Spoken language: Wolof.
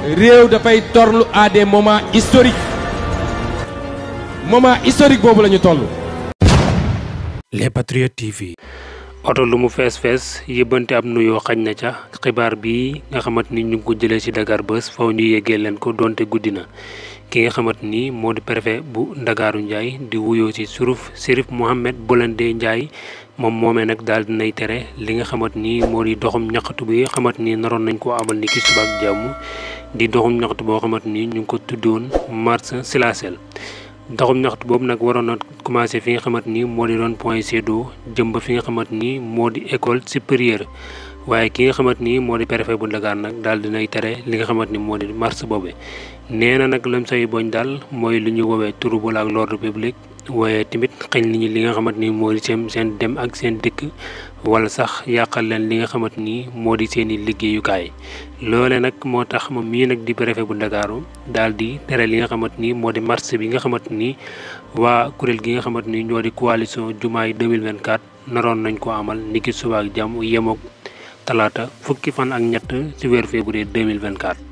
réew dafay torlu à des moments historiques moment historique boobu la ñu toll. Les Patriotes TV. oto lu mu fees fees yëbbante ab nuyoo xañ na ca xibaar bi nga xamante ni ñu ngi ko jëlee ci Dakar Buzz faw ñu yeggee leen ko donte guddi na ki nga xamante ni moo di préfet bu ndagaaru Ndiaye di wuyoo ci suruf Sirif Mohamed Bolande Ndiaye moom moomee nag daal nay tere li nga xamante ni moo di doxum ñaxtu bi xamante ni naroon nañ ko amal ni ki suba ak jàmm di doxum ñaxtu boo xamante nii ñu ngi ko tuddoon mars silasel doxum ñaxtu boobu nag waroon na commencé fi nga xamante ni moo di doon point Seydou jëm jëmb fi nga xamante nii moo di école supérieure waaye ki nga xamante ni moo di préfet bu Dakar nag daal dinay tere li nga xamante ni moo di mars boobe nee na nag lam say boñ daal mooy li ñuy woowee trouble ak l'ordre public waaye tamit xëñ ñi li nga xamante ni moo di seen seen dem ak seen dëkk wala sax yàqal leen li nga xamante ni moo di seen i liggéeyukaay loole nag moo tax moom mii nag di préfet bu Ndakaaru daal di tere li nga xamante ni moo di marché bi nga xamante ni waa kuréel gi nga xamante ni ñoo di coalition Jumaay 2024 naroon nañ ko amal niki suba ak jàmm yemoog talaata fukki fan ak ñett ci weeru février 2024.